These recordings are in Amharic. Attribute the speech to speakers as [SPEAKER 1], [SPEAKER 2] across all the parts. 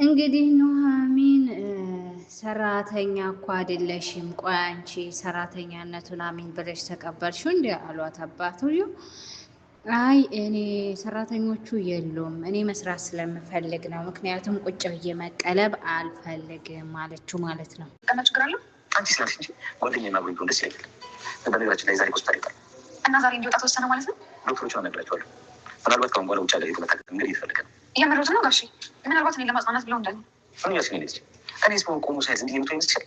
[SPEAKER 1] እንግዲህ ኑሐሚን ሰራተኛ እኮ አይደለሽም፣ ቆይ አንቺ ሰራተኛነቱን አሚን ብለሽ ተቀበልሽው እንዲ አሏት አባትየው። አይ እኔ ሰራተኞቹ የሉም እኔ መስራት ስለምፈልግ ነው፣ ምክንያቱም ቁጭ ብዬ መቀለብ አልፈልግም ማለችው ማለት ነው።
[SPEAKER 2] በነገራችን ላይ ዛሬ ሆስፒታል ይጣል እና ዛሬ እንዲወጣ ተወሰነ ማለት ነው። ዶክተሮቿ ነግራቸዋለሁ። ምናልባት ከአሁን በኋላ ውጭ ሀገር የተመጣ እንግዲህ ይፈልገ ነው እየመረጡ ነው ጋሽ። ምናልባት እኔ ለማጽናናት ብለው እንዳለ እኔ በሆን ቆሞ ሳይዝ እንዲህ የምትሆን ይመስል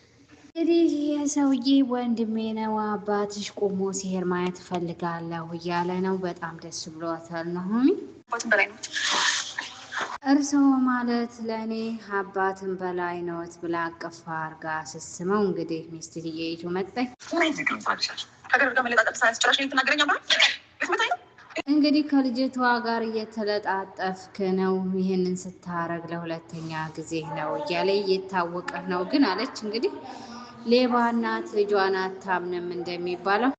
[SPEAKER 1] እንግዲህ ይህ ሰውዬ ወንድሜ ነው፣ አባትሽ ቁሞ ሲሄድ ማየት እፈልጋለሁ እያለ ነው። በጣም ደስ ብሏታል ነሆሚ
[SPEAKER 2] እርስዎ ማለት ለእኔ አባትን በላይ ነዎት ብላ አቅፋ አርጋ ስስመው እንግዲህ ሚስትየይቱ መጣች።
[SPEAKER 1] እንግዲህ ከልጅቷ ጋር እየተለጣጠፍክ ነው፣ ይህንን ስታረግ ለሁለተኛ ጊዜ ነው እያለ እየታወቀ ነው ግን አለች። እንግዲህ ሌባ ናት፣ ልጇ ናት፣ ታምንም እንደሚባለው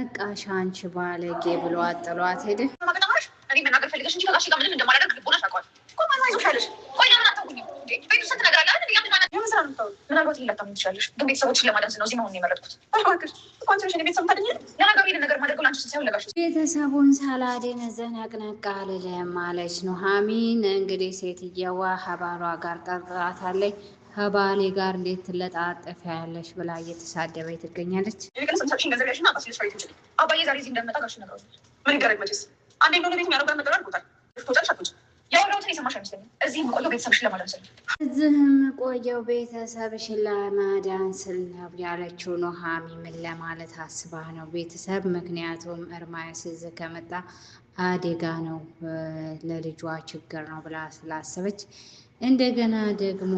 [SPEAKER 1] በቃ ሻንች ባለጌ ብሎ አጥሏት ሄደ። ስራ ምታወ ምናልባት ሊለቀም ትችላለሽ፣ ግን ቤተሰቦችን ለማዳን ነው እዚህ መሆን የመረጥኩት። ቤተሰቡን ሳላዴን ዘነቅነቅ አልልም እንግዲህ ሴትየዋ ከባሏ ጋር ጠርጥራታለች። ከባሌ ጋር እንዴት ትለጣጠፊ ያለሽ ብላ እየተሳደበ ትገኛለች። አባዬ ዛሬ እዚህ እንደመጣ ጋሽ ነግረውኛል። ምን መቼስ አንዴ ቤት የሚያደርገ ነገር አድርጎታል። ያልኩትን የሰማሽ አይመስለኝም። እዚህም ቆየው ቤተሰብሽን ለማዳን ስል እዚህም ቆየው ቤተሰብሽን ለማዳን ስል ነው ያለችው ኑሃሚ ምን ለማለት አስባ ነው ቤተሰብ። ምክንያቱም እርማያስ እዚህ ከመጣ አደጋ ነው ለልጇ ችግር ነው ብላ ስላሰበች እንደገና ደግሞ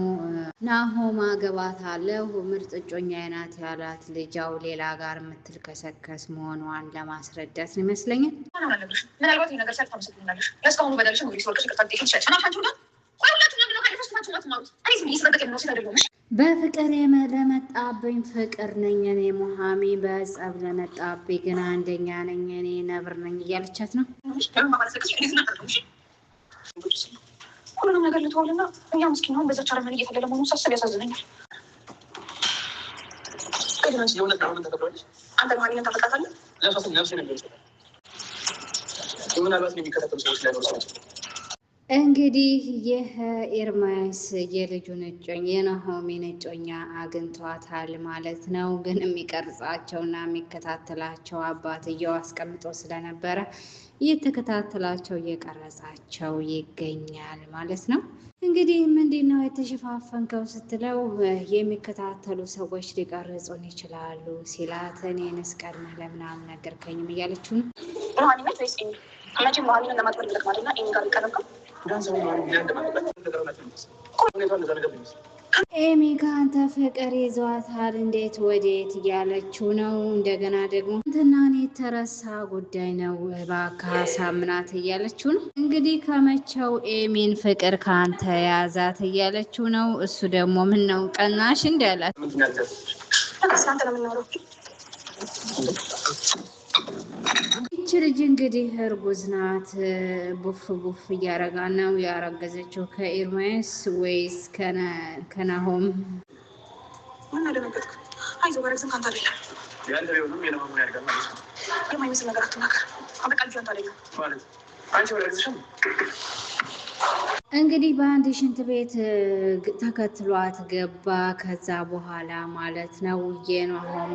[SPEAKER 1] ናሆማ አገባታለሁ ምርጥ እጮኛ አይናት ያላት ልጃው ሌላ ጋር የምትልከሰከስ መሆኗን ለማስረዳት ይመስለኛል። በፍቅር ለመጣብኝ ፍቅር ነኝ እኔ ሙሃሚ፣ በጸብ ለመጣብኝ ግን አንደኛ ነኝ እኔ ነብር ነኝ እያለቻት ነው። ሁሉንም ነገር ልትወልና እኛ ምስኪን ሆን በዛች አረመኔ እየተገለ መሆኑ ሳስብ ያሳዝነኛል። እንግዲህ ይህ ኤርማያስ የልጁን እጮኛ የናሆሜን እጮኛ አግኝቷታል ማለት ነው። ግን የሚቀርጻቸውና የሚከታተላቸው አባትየው አስቀምጦ ስለነበረ እየተከታተላቸው እየቀረጻቸው ይገኛል ማለት ነው። እንግዲህ ምንድን ነው የተሸፋፈንከው ስትለው የሚከታተሉ ሰዎች ሊቀርጹን ይችላሉ ሲላት፣ እኔን እስቀድመህ ለምን አልነገርከኝም እያለችው ነው ነው ኤሚ ጋ አንተ ፍቅር ይዟታል እንዴት ወዴት እያለችው ነው። እንደገና ደግሞ እንትና እኔ የተረሳ ጉዳይ ነው እባክህ ሳምናት እያለችው ነው። እንግዲህ ከመቼው ኤሚን ፍቅር ከአንተ ያዛት እያለችው ነው። እሱ ደግሞ ምን ነው ቀናሽ እንዳላት ይቺ ልጅ እንግዲህ እርጉዝ ናት። ቡፍ ቡፍ እያረጋ ነው ያረገዘችው ከኤርሜስ ወይስ ከናሆም? እንግዲህ በአንድ ሽንት ቤት ተከትሏት ገባ። ከዛ በኋላ ማለት ነው የናሆም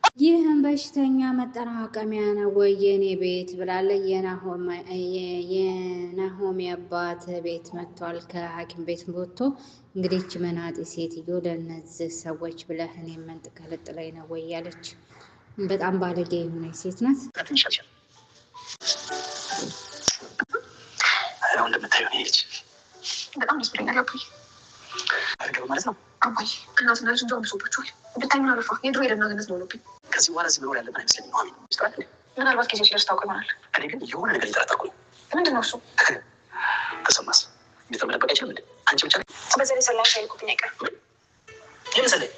[SPEAKER 2] ይህም በሽተኛ መጠራቀሚያ ነው ወይ የኔ ቤት ብላለች። የናሆሚ አባት ቤት መጥቷል። ከሐኪም ቤት ቦቶ
[SPEAKER 1] እንግዲች መናጤ ሴትዮ ለእነዚህ ሰዎች ብለህ እኔ መንጥቀልጥ ላይ ነው ወይ ያለች በጣም ባለጌ የሆነ ሴት ናት። ነው አረፋ የድሮ የደናገነት
[SPEAKER 2] በጣም ከዚህ በኋላ እዚህ መኖር ያለብን አይመስለኝም። ሚ ምናልባት ጊዜ ሲደርስ ታውቅ ይሆናል። እኔ ግን የሆነ ነገር እየጠረጠርኩ ነው። ምንድን ነው እሱ? ተሰማስ ቤተ መደበቅ አይችልም። አንቺ ብቻ በዛ ላይ ሰላም ሳይልኩብኝ አይቀርም። ይህ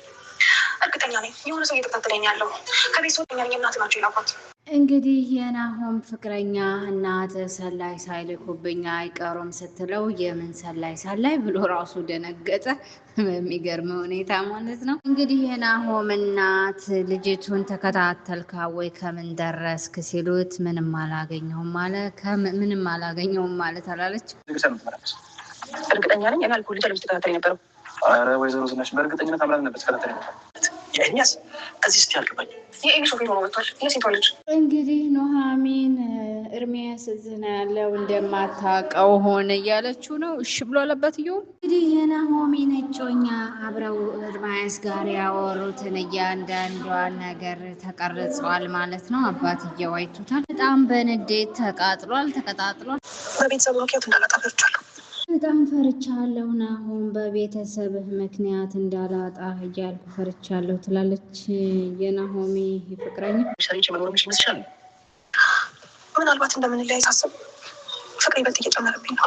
[SPEAKER 2] እርግጠኛ ነኝ የሆነ ሰው እየተከታተለኝ ያለው ከቤት ሰው ኛኛ እናት ናቸው
[SPEAKER 1] ይላባት እንግዲህ የናሆም ፍቅረኛ እናት ሰላይ ሳይልኩብኝ አይቀሩም ስትለው የምን ሰላይ ሳላይ ብሎ ራሱ ደነገጠ። በሚገርም ሁኔታ ማለት ነው። እንግዲህ የናሆም እናት ልጅቱን ተከታተልካ ወይ ከምን ደረስክ ሲሉት ምንም አላገኘሁም ማለት ምንም አላገኘሁም ማለት
[SPEAKER 2] አላለች። እርግጠኛ ነኝ የማልኩ ልጅ ተከታተል ነበረው። ኧረ ወይዘሮ ዝናሽ በእርግጠኝነት አምላክ ነበር ተከታተል ነበር የእኛስ ከዚህ ስቲ ያልቅበኝ
[SPEAKER 1] እንግዲህ ኑሐሚን እርሜያስ እዚህ ያለው እንደማታውቀው ሆነ እያለችው ነው። እሺ ብሎ አለበት እዩ እንግዲህ የናሆሚ ነጮኛ አብረው እርሜያስ ጋር ያወሩትን እያንዳንዷን ነገር ተቀርጿል ማለት ነው። አባትየው አይቶታል። በጣም በንዴት ተቃጥሏል፣ ተቀጣጥሏል። በቤተሰብ ምክንያት እንዳላጣፈርቻለሁ በጣም ፈርቻለሁ ናሆም በቤተሰብህ ምክንያት እንዳላጣ እያልኩ ፈርቻለሁ ትላለች የናሆሚ ፍቅረኛ። ምናልባት እንደምንለያይ ሳስብ ፍቅር ይበልጥ እየጨመረብኝ
[SPEAKER 2] ነው።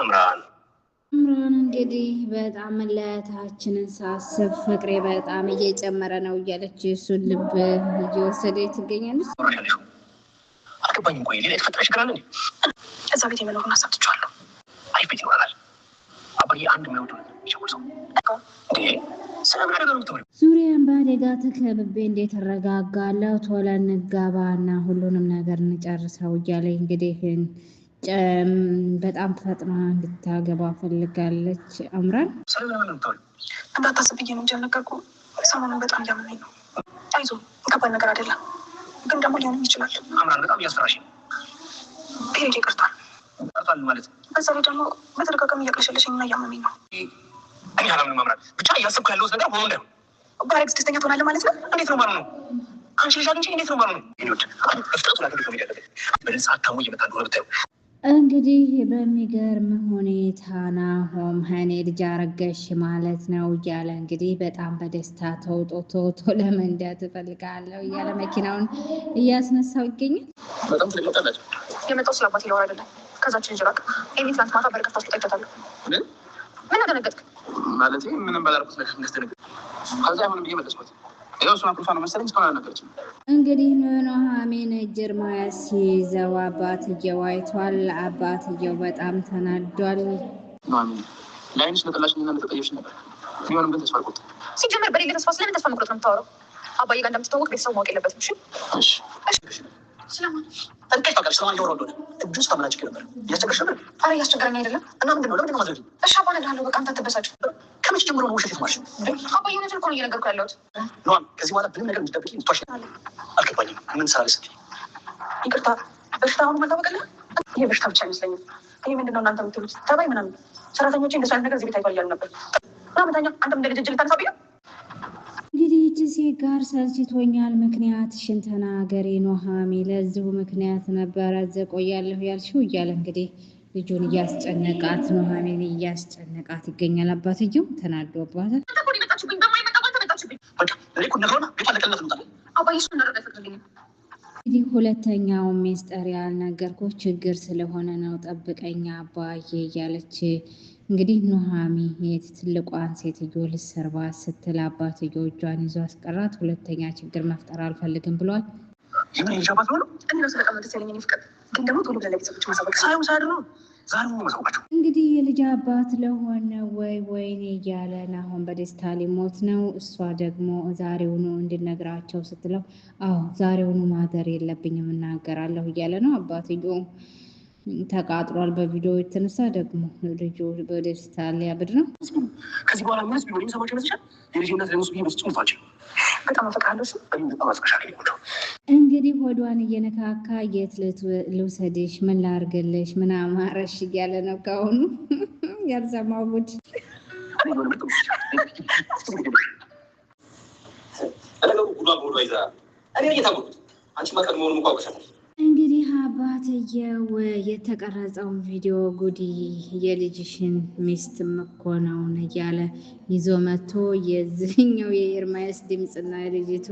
[SPEAKER 2] እምራን እንግዲህ በጣም መለያየታችንን ሳስብ ፍቅሬ በጣም እየጨመረ ነው እያለች እሱን ልብ እየወሰደ ትገኛለች። አልገባኝም። ቆይ ሌላ የተፈጠረ ችግር አለ? እዛ ቤት የመኖሩን አሳብትችዋለሁ። አይ ቤት ይኖራል አንድ ሰው
[SPEAKER 1] ዙሪያን በአደጋ ተከብቤ እንዴት እረጋጋለሁ? ቶሎ እንጋባ እና ሁሉንም ነገር እንጨርሰው እያለ እንግዲህ በጣም ፈጥና እንድታገባ ፈልጋለች። አምራን እንዳታስብ ብዬ ነው እንጂ ሰሞኑን በጣም እያመመኝ ነው። ከባድ ነገር አይደለም፣ ግን ደግሞ ሊሆንም ይችላል። አምራን በጣም እያስፈራሽ ነው። ይቅርታል ማለት ነው በዛ ላይ ደግሞ በተደጋጋሚ እያቅለሸለሸኝ እና እያመመኝ ነው። እኔ አላምን መምራት ብቻ እያሰብኩ ያለሁት ነገር ሆኖ እንዳይሆን ባረግ ስደስተኛ ትሆናለህ ማለት ነው። እንዴት ነው ማለት ነው አንቺ ልጅ እንጂ እንዴት ነው ማለት ነው። ላገ ሚ ያለበት በደንስ አታሙ እየመጣ ብታዩ እንግዲህ በሚገርም ሁኔታ ናሆም ሀኔ ልጅ አረገሽ ማለት ነው እያለ እንግዲህ በጣም በደስታ ተውጦ ተውጦ ለመንዳት እፈልጋለሁ እያለ መኪናውን እያስነሳው
[SPEAKER 2] ይገኛል። በጣም የመጣው ከዛችን ልጅ ራቅ። ኤቢ ትናንት ማታ በር ከፍታ ስትወጣ ምን አደነገጥክ? ማለት ምንም ባላርኩት ነገር እንዳስደነገጥ ከዚ አሁን ብዬ መለስኩት።
[SPEAKER 1] እንግዲህ ኑሃሚን ጅርማ ሲይዘው አባትየው አይቷል። አባትየው በጣም ተናዷል። ሲጀመር በሌለ ተስፋ ስለምን ተስፋ መቁረጥ ነው የምታወራው? አባዬ ጋር እንደምትታወቅ ቤተሰቡ ማወቅ የለበትም።
[SPEAKER 2] ጠንቀሽ ታውቂያለሽ። ስለማን እንደሆነ ነበር። አይደለም። እና ምንድን ነው ለምንድን ነው ማድረግ? እሺ አባ ጀምሮ ነው ውሸት የትማሽ? አባ እውነትን እኮ ነው እየነገርኩህ ያለሁት። ከዚህ በኋላ ምንም ነገር እንድትደብቂ እንድትዋሽ አልገባኝም። ምን ስራ ልስ? ይቅርታ በሽታ አሁኑ መታወቅልህ ይህ በሽታ ብቻ አይመስለኝም። ይህ ምንድነው እናንተ የምትሉት ተባይ ምናምን ሰራተኞች እንደሱ አይነት ነገር እዚህ ቤት አይቷል እያሉ ነበር። ምናምንታኛ አንተም እንደ ልጅ ልታነሳብኝ
[SPEAKER 1] ጊዜ ጋር ሰልችቶኛል። ምክንያት ምክንያትሽን ተናገሪ ኑሃሚ፣ ለዚሁ ምክንያት ነበረ ዘቆያለሁ ያልሽው እያለ እንግዲህ ልጁን እያስጨነቃት ኑሃሚን እያስጨነቃት ይገኛል። አባትየው ተናዶባታል። እንግዲህ ሁለተኛው ሚስጠር ያልነገርኩ ችግር ስለሆነ ነው፣ ጠብቀኛ አባዬ እያለች እንግዲህ ኑሃሚ ትልቋን ሴትዮ ልሰርባ ስትል አባትዮ እጇን ይዞ አስቀራት። ሁለተኛ ችግር መፍጠር አልፈልግም ብሏል። እንግዲህ የልጅ አባት ለሆነ ወይ ወይኔ እያለን አሁን በደስታ ሊሞት ነው። እሷ ደግሞ ዛሬውኑ እንድነግራቸው ስትለው አዎ ዛሬውኑ ማደር የለብኝም እናገራለሁ እያለ ነው አባትዮ ተቃጥሯል። በቪዲዮ የተነሳ ደግሞ ልጁ በደስታ ሊያብድ ነው። ከዚህ በኋላ ምንስ ቢሆን ሰዎች ይመስልሻል? የልጅነት ደሞስ ብዬ በፍጹም አልችልም። እንግዲህ ሆዷን እየነካካ የት ልውሰድሽ፣ ምን ላርገልሽ፣ ምን አማረሽ እያለ ነው ከአሁኑ ያልሰማው ቡድ ነገሩ ጉዷ ጉዷ እንግዲህ አባትየው የተቀረጸውን ቪዲዮ ጉዲ የልጅሽን ሚስት እኮ ነው እያለ ይዞ መጥቶ የዚህኛው የኤርማያስ ድምፅና የልጅቱ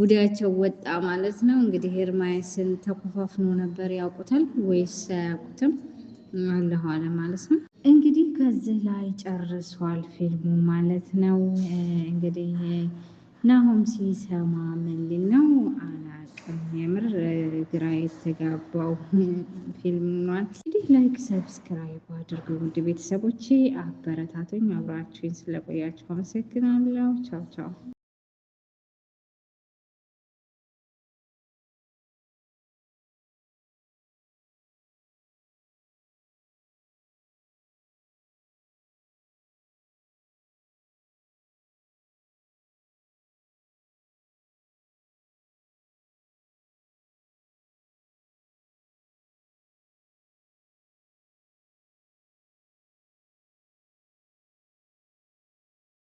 [SPEAKER 1] ጉዳያቸው ወጣ ማለት ነው። እንግዲህ ኤርማያስን ተኮፋፍኖ ነበር ያውቁታል ወይስ አያውቁትም? አለኋለ ማለት ነው። እንግዲህ ከዚህ ላይ ጨርሷል ፊልሙ ማለት ነው። እንግዲህ ናሆም ሲሰማ ምንድን ነው የምር ግራ የተጋባው ፊልም ሆኗል። እንግዲህ ላይክ ሰብስክራይብ አድርጉ ውድ ቤተሰቦቼ፣ አበረታቶኝ አብራችሁኝ ስለቆያችሁ አመሰግናለሁ። ቻው ቻው።